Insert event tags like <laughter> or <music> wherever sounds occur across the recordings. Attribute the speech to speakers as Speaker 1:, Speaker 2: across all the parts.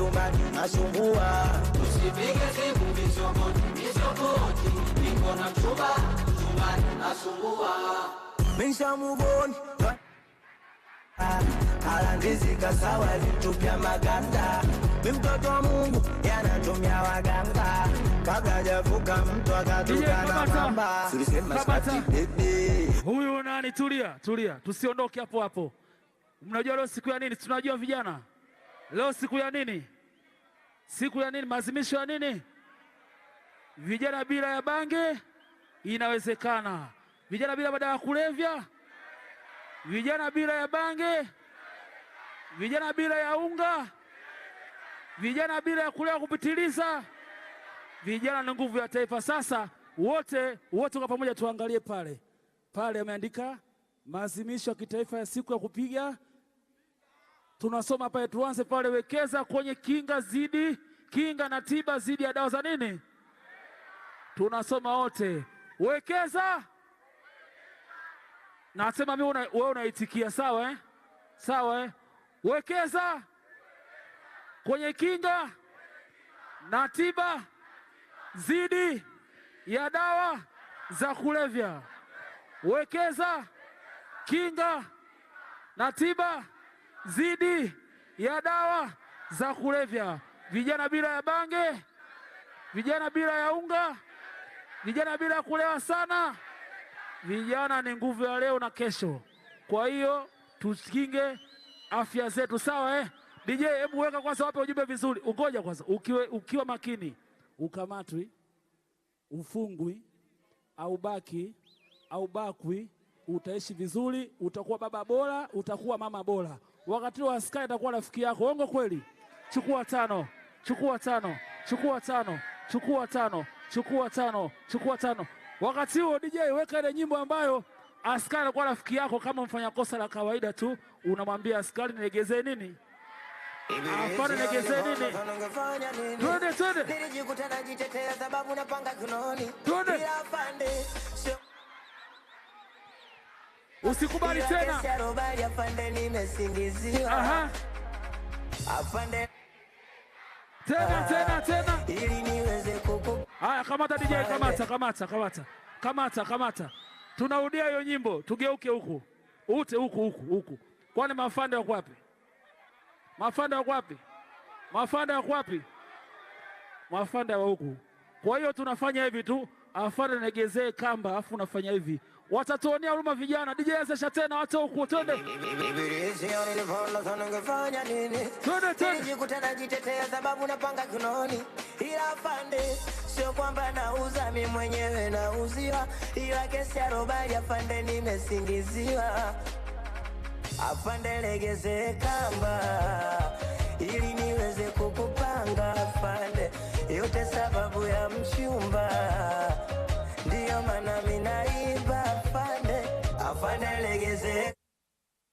Speaker 1: chumbani nasumbua. Usipige simu michongoni, michongoni niko na mchumba, chumbani nasumbua. Nishamugoni alandizika sawa vitupya maganda mi mtoto wa Mungu yanatumia waganga kabla mtu akatukana mamba.
Speaker 2: Huyu nani? Tulia, tulia, tusiondoke hapo hapo. Mnajua leo siku ya nini? Tunajua vijana Leo siku ya nini? Siku ya nini? Maazimisho ya nini? Vijana bila ya bange inawezekana. Vijana bila madawa ya kulevya, vijana bila ya bange, vijana bila ya unga, vijana bila ya kulewa kupitiliza. Vijana ni nguvu ya taifa. Sasa wote wote kwa pamoja tuangalie pale pale, ameandika maazimisho ya kitaifa ya siku ya kupiga tunasoma pale, tuanze pale, wekeza kwenye kinga zidi kinga na tiba zidi ya dawa za nini? Tunasoma wote, wekeza. Nasema mimi, wewe unaitikia sawa eh? Sawa eh? Wekeza kwenye kinga na tiba zidi ya dawa za kulevya. Wekeza kinga na tiba dhidi ya dawa za kulevya, vijana bila ya bange, vijana bila ya unga, vijana bila ya kulewa sana. Vijana ni nguvu ya leo na kesho, kwa hiyo tukinge afya zetu, sawa eh? DJ, hebu weka kwanza, wape ujumbe vizuri. Ungoja kwanza, ukiwe, ukiwa makini ukamatwi, ufungwi au baki au bakwi, utaishi vizuri, utakuwa baba bora, utakuwa mama bora wakati wa askari atakuwa rafiki yako. Uongo kweli? Chukua tano, chukua tano, chukua tano, chukua tano, chukua tano, chukua tano. Wakati huo DJ, weka ile nyimbo ambayo askari atakuwa rafiki yako. Kama mfanya kosa la kawaida tu, unamwambia askari, nilegezee nini Afana negeze nini? Twende twende. Nilijikuta najitetea sababu napanga kunoni. Twende. Bila afande usikubali tena. Aha. Afande. Tena tena tena. Ili niweze Haya, kamata DJ, kamata kamata kamata. Kamata kamata. Tunarudia hiyo nyimbo, tugeuke huku. Ute huku huku huku. Kwani mafanda wako wapi? Mafanda wako wapi? Mafanda wako wapi? Mafanda wa huku. Kwa hiyo tunafanya hivi tu, afande negezee kamba, afu unafanya hivi watatuonea huruma vijana. DJ Azesha tena watu huku, twende twende twende, jikutana jitetea sababu napanga kinoni, ila afande sio kwamba nauza mi mwenyewe nauziwa, ila kesi ya robali afande nimesingiziwa. Afande legeze kamba ili niweze kukupanga afande, yote sababu ya mchumba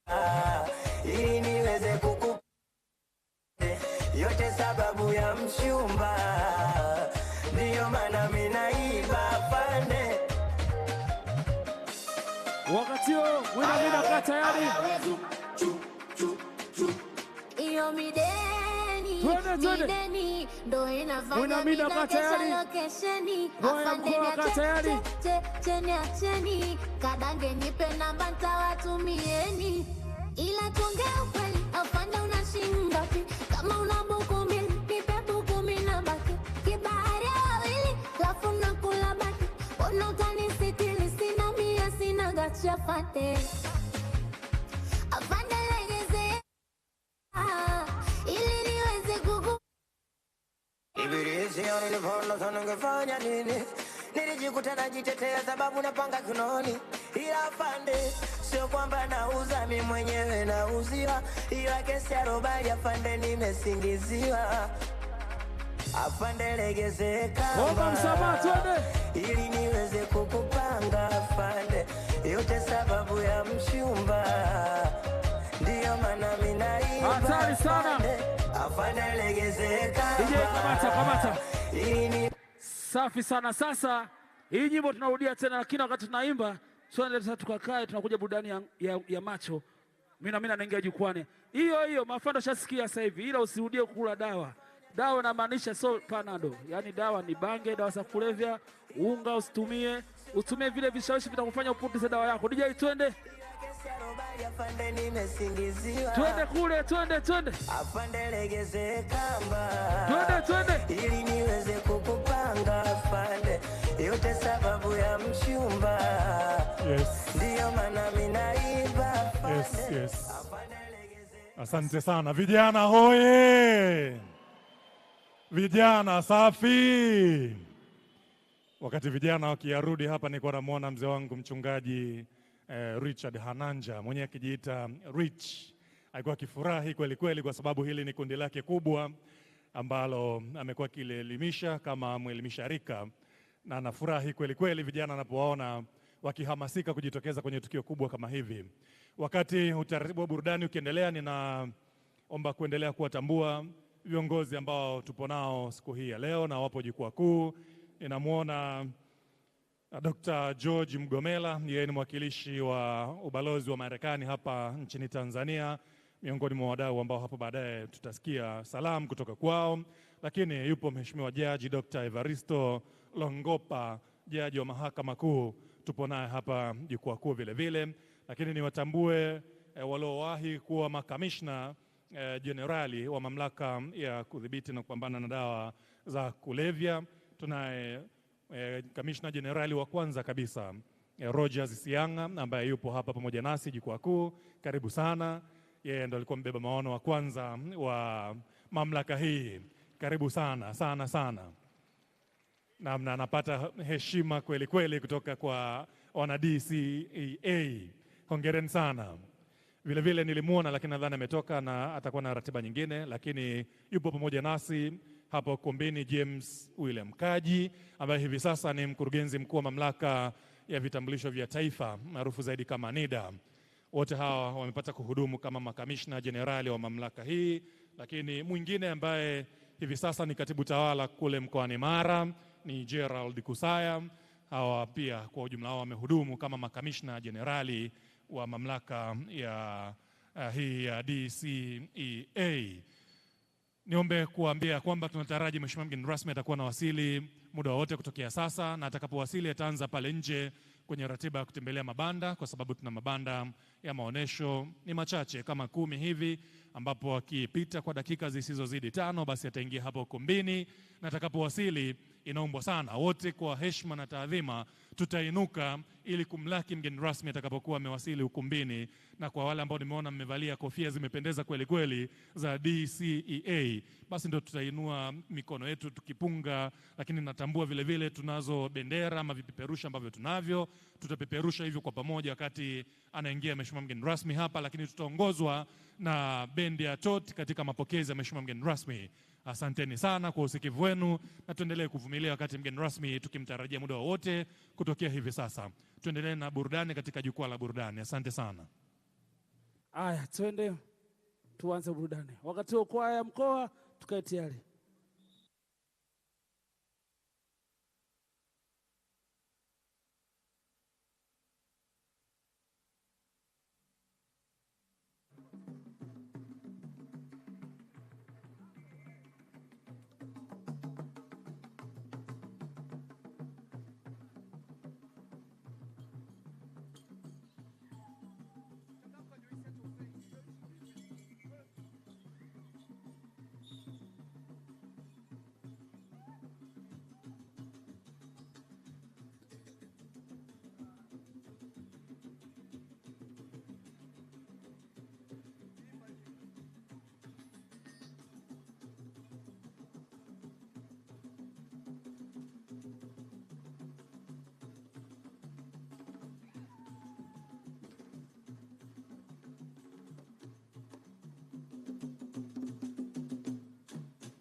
Speaker 2: Ah, ili niweze kuku yote sababu ya mchumba, ndiyo maana minaiba pande wakati huo wina mina kaa tayari
Speaker 3: iyo midee
Speaker 2: acheni kadange nipe namba ntawatumieni, ila tuongea ukweli. Afande unashinda kama una buku nipe buku mi na baki wawili lafu na kula baki ona
Speaker 1: sina mia sina gacha fate Ibilisi nilivona sana ngefanya nini? Nilijikuta najitetea sababu napanga kinoni, ila afande, sio kwamba nauza mi mwenyewe nauziwa, ila kesi ya robali afande, nimesingiziwa afande, legeze
Speaker 2: kamba ili niweze kukupanga afande, yote sababu ya mchumba, ndiyo maana minaimba afande Safi sana. Sasa hii nyimbo tunarudia tena, lakini wakati tunaimba sasa tukakae, tunakuja burudani ya, ya, ya macho. Mimi na mimi naingia jukwani hiyo hiyo, mafando shasikia sasa hivi, ila usirudie kula dawa. Dawa namaanisha so panado, yaani dawa ni bange, dawa za kulevya, unga usitumie, usitumie vile vishawishi vitakufanya upoteze dawa yako. DJ, twende. Twende kule, twende twende, afande legeze kamba, twende twende, ili niweze kukupanga afande, yote sababu ya mchumba. Yes, ndiyo maana minaiba. Yes, yes. Asante sana vijana, hoye vijana, safi. Wakati vijana wakiyarudi hapa, nilikuwa namwona mzee wangu mchungaji eh, Richard Hananja mwenye akijiita Rich alikuwa akifurahi kweli kweli, kwa sababu hili ni kundi lake kubwa ambalo amekuwa akilielimisha kama mwelimisha rika, na anafurahi kweli kweli vijana anapowaona wakihamasika kujitokeza kwenye tukio kubwa kama hivi. Wakati utaratibu wa burudani ukiendelea, ninaomba kuendelea kuwatambua viongozi ambao tupo nao siku hii ya leo na wapo jukwaa kuu. Ninamwona Uh, Dr. George Mgomela, yeye ni mwakilishi wa ubalozi wa Marekani hapa nchini Tanzania, miongoni mwa wadau ambao hapo baadaye tutasikia salamu kutoka kwao, lakini yupo Mheshimiwa Jaji Dr. Evaristo Longopa, jaji wa Mahakama Kuu, tupo naye hapa jukwaa kuu vile vile, lakini niwatambue e, waliowahi kuwa makamishna eh, jenerali wa mamlaka ya kudhibiti na kupambana na dawa za kulevya tunaye eh, kamishna jenerali wa kwanza kabisa eh, Rogers Sianga ambaye yupo hapa pamoja nasi jukwaa kuu, karibu sana. Yeye ndo alikuwa mbeba maono wa kwanza mm, wa mamlaka hii, karibu sana sana sana namna anapata heshima kweli kweli kutoka kwa wana DCEA. Hongereni sana. Vile vile nilimwona, lakini nadhani ametoka na atakuwa na ratiba nyingine, lakini yupo pamoja nasi hapo kumbini James William Kaji ambaye hivi sasa ni mkurugenzi mkuu wa mamlaka ya vitambulisho vya taifa maarufu zaidi kama NIDA. Wote hawa wamepata kuhudumu kama makamishna jenerali wa mamlaka hii, lakini mwingine ambaye hivi sasa ni katibu tawala kule mkoani Mara ni Gerald Kusaya. Hawa pia kwa ujumla wao wamehudumu kama makamishna jenerali wa mamlaka ya eh, hii ya DCEA. Niombe kuambia kwamba tunataraji mheshimiwa mgeni rasmi atakuwa na wasili muda wowote kutokea sasa, na atakapowasili ataanza pale nje kwenye ratiba ya kutembelea mabanda, kwa sababu tuna mabanda ya maonyesho ni machache kama kumi hivi, ambapo akipita kwa dakika zisizozidi tano, basi ataingia hapo kumbini na atakapowasili inaombwa sana wote kwa heshima na taadhima tutainuka ili kumlaki mgeni rasmi atakapokuwa amewasili ukumbini. Na kwa wale ambao nimeona mmevalia kofia zimependeza kweli kweli za DCEA, basi ndio tutainua mikono yetu tukipunga, lakini natambua vile vile tunazo bendera ama vipeperusha ambavyo tunavyo, tutapeperusha hivyo kwa pamoja wakati anaingia mheshimiwa mgeni rasmi hapa, lakini tutaongozwa na bendi ya TOT katika mapokezi ya mheshimiwa mgeni rasmi. Asanteni sana kwa usikivu wenu na tuendelee kuvumilia wakati mgeni rasmi tukimtarajia muda wowote kutokea hivi sasa. Tuendelee na burudani katika jukwaa la burudani. Asante sana. Aya, twende tuanze burudani. Wakati wa kwaya mkoa tukae tayari.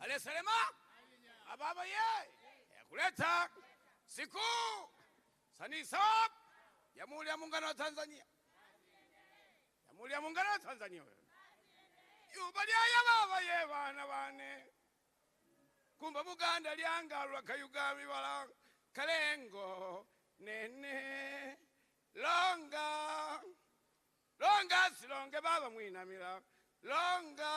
Speaker 4: Ale Salema ababa ah ye ya kuleta siku sanisab Jamhuri ya Muungano wa Tanzania, Jamhuri ya Muungano wa Tanzania yubaliaya baba ye bana wane, kumba Buganda lyangalwa kayugami wala kalengo nene longa longa silonge baba mwinamira Longa.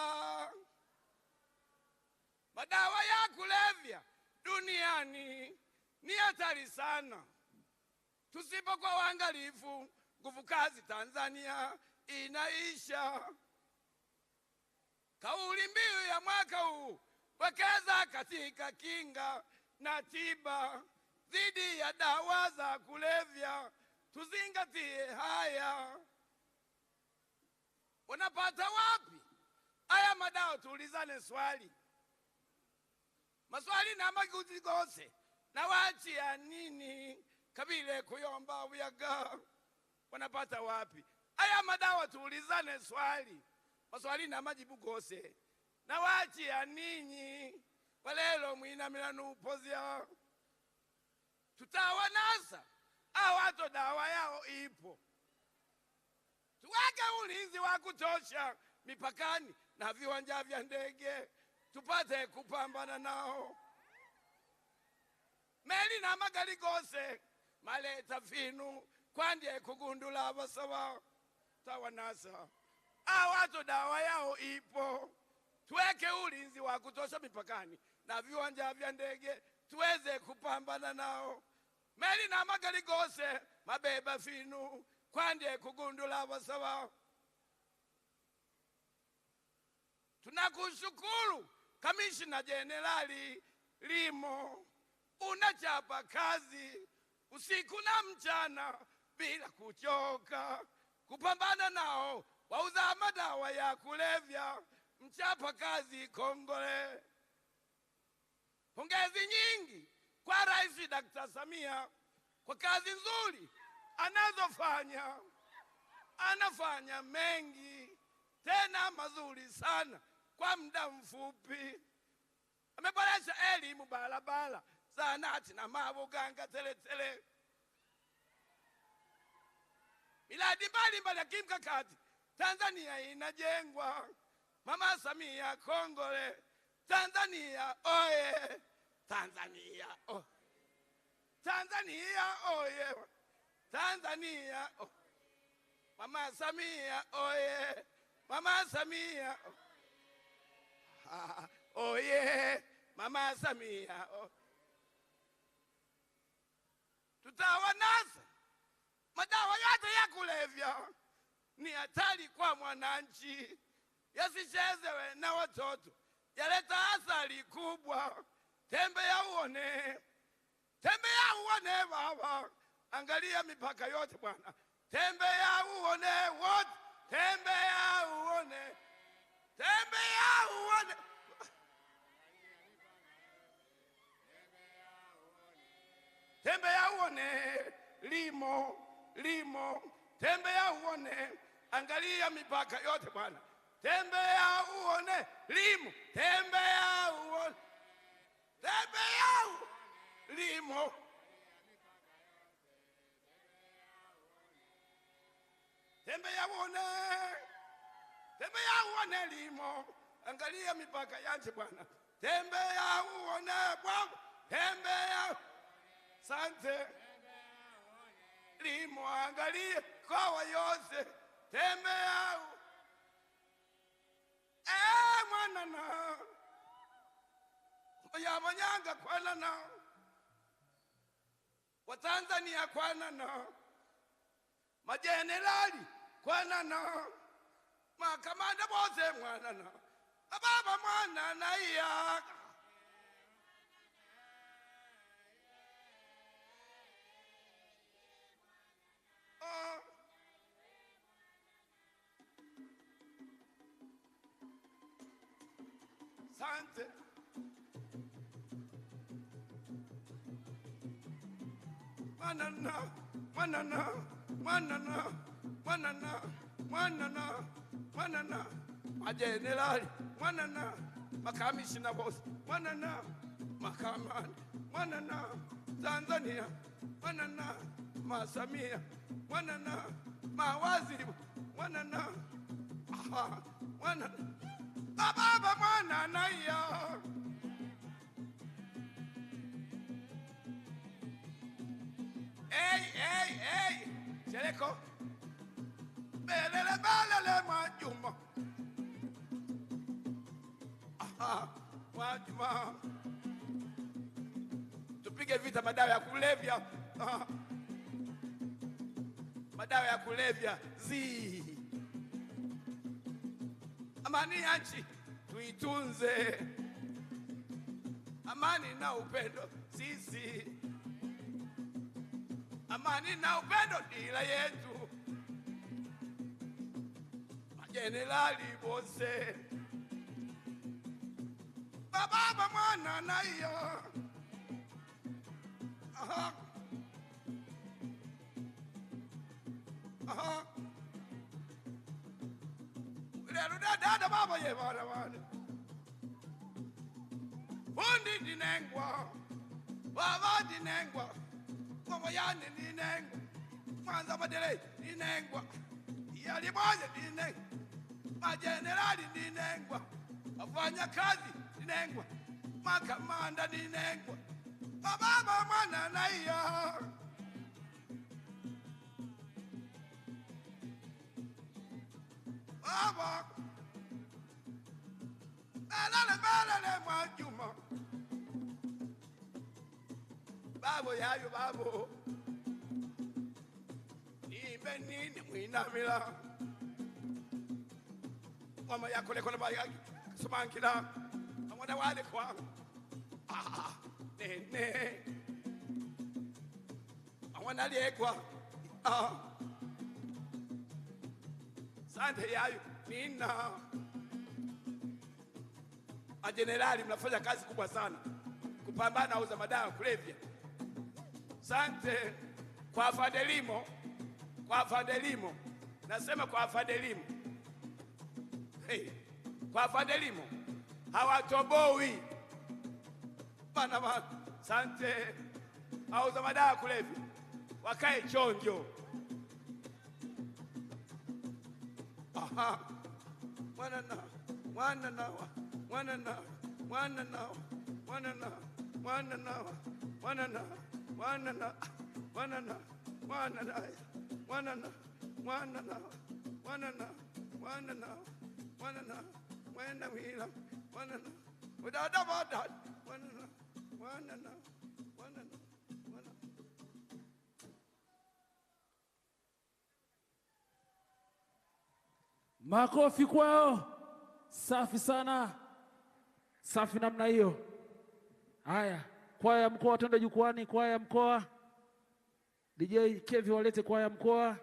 Speaker 4: Madawa ya kulevya duniani ni hatari sana. Tusipokuwa waangalifu, nguvu kazi Tanzania inaisha. Kauli mbiu ya mwaka huu, wekeza katika kinga na tiba dhidi ya dawa za kulevya. Tuzingatie haya. Wanapata wapi haya madawa? Tuulizane swali, maswali na wachi ya nini kabile kuyomba uyaga Wanapata wapi haya madawa? Tuulizane swali, maswali na majibu gose wachi ya nini walelo mwinamila nuupozya tutawanasa awato dawa yao ipo tuweke ulinzi wa kutosha mipakani na viwanja vya ndege tupate kupambana nao. meli na magari gose maleta vinu kwandie kugundula vasawa tawanasa awato dawa yao ipo. Tuweke ulinzi wa kutosha mipakani na viwanja vya ndege tuweze kupambana nao. meli na magari gose mabeba vinu kugundula abasaba tunakushukuru kamishina jenerali limo unachapa kazi usiku na mchana bila kuchoka kupambana nao wauza madawa ya kulevya mchapa kazi kongole pongezi nyingi kwa rais dakta samia kwa kazi nzuri anazofanya, anafanya mengi tena mazuri sana kwa muda mfupi. Ameboresha elimu, barabara, zahanati na mabuganga teletele, miradi mbalimbali ya kimkakati Tanzania inajengwa. Mama Samia kongole! Tanzania oye! Tanzania oye! Tanzania oye! Tanzania oh. Mama Samia oye, Mama Samia oh. <laughs> oye, Mama Samia oh. Tutawanasa madawa yote ya kulevya, oh. ni hatari kwa mwananchi, yasichezewe na watoto, yaleta athari kubwa. ya uone, ya uone baba Angalia mipaka yote Bwana, tembea uone wote, tembea uone, tembea uone tembea uone limo limo, tembea uone, angalia mipaka yote Bwana, tembea uone limo, tembea uone, tembea uone uone. limo, tembea limo ya wone uone, ya wone limo, angalia mipaka yanje Bwana, tembea uone Bwana, tembea sante limo, angalia angalie kowa yose, tembea eh mwana na yamanyanga kwana na Watanzania kwana na majenerali khwana na makamanda boze mwana na ababa mwana na iyaka oh. Sante. Manana, manana, manana. mwanana mwanana mwanana majenerali mwanana makamishina bose mwanana makamani mwanana Tanzania mwanana masamia mwanana mawaziri mwanana mwanana bababa mwanana ya Hey, hey, hey! Jericho. Mwajuma, Mwajuma, tupige vita madawa ya kulevya, madawa ya kulevya zi. Amani ya nchi tuitunze, amani na upendo sisi, amani na upendo dira yetu jenerali bose baba bamwana na yo aha aha lero dada baba ye bara bara. fundi dinengwa baba dinengwa mama yane dinengwa mwanza madele dinengwa ya yalibaje dinengwa majenerali ninengwa, wafanyakazi ninengwa, makamanda ninengwa, mababa mwana naiya baba belele belele mwajuma babo yayo babo nimbe nini mwinamila mama yako leko na baya sumangira amwana wale kwa ah amwana lekwa ah sante yayo nina a ah, jenerali mnafanya kazi kubwa sana kupambana auza madawa kulevya. Sante kwa Fadelimo, kwa Fadelimo, nasema kwa Fadelimo hey, kwa Fadelimo hawatoboi bana sante au za madawa kulevya wakae chonjo. Aha. Mwana na mwana na mwana na mwana na mwana na mwana na mwana na mwana na mwana na mwana na mwana na mwana na mwana na mwana na one another, when we love one another, without a word, one another, one another, one another, one
Speaker 2: another. Makofi kwao, safi sana, safi namna hiyo. Haya, kwaya ya mkoa, twende jukwani. Kwaya ya mkoa, DJ Kevi walete kwaya ya mkoa.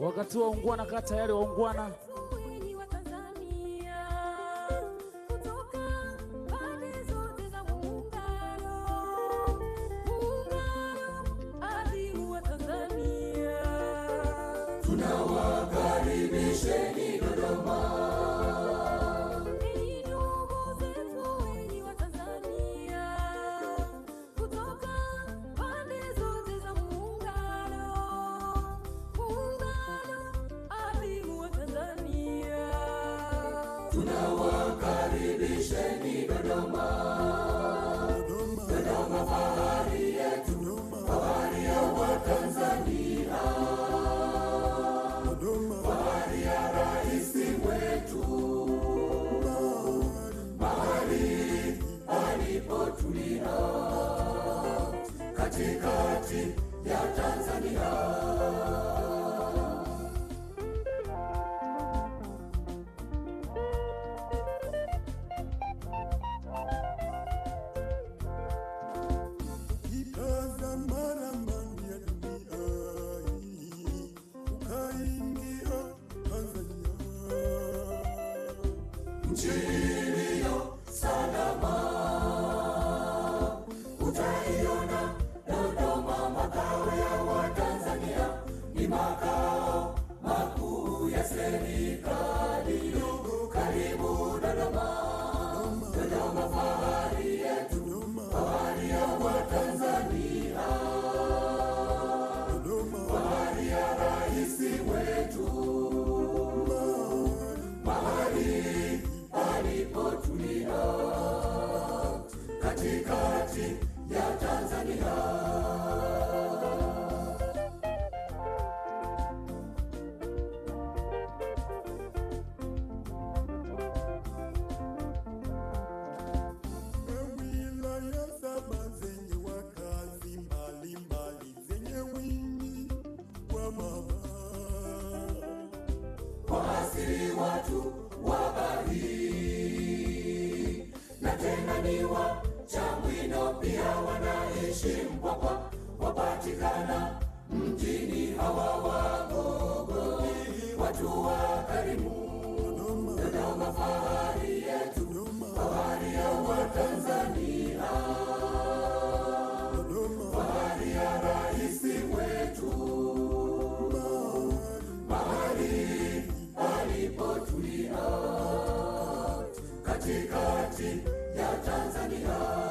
Speaker 2: Wakati waungwana, kaa tayari waungwana.
Speaker 5: katikati ya Tanzania.
Speaker 6: watu wa karimu, Dodoma fahari yetu, fahari ya Watanzania, fahari ya rais wetu, mahali alipotulia katikati ya Tanzania.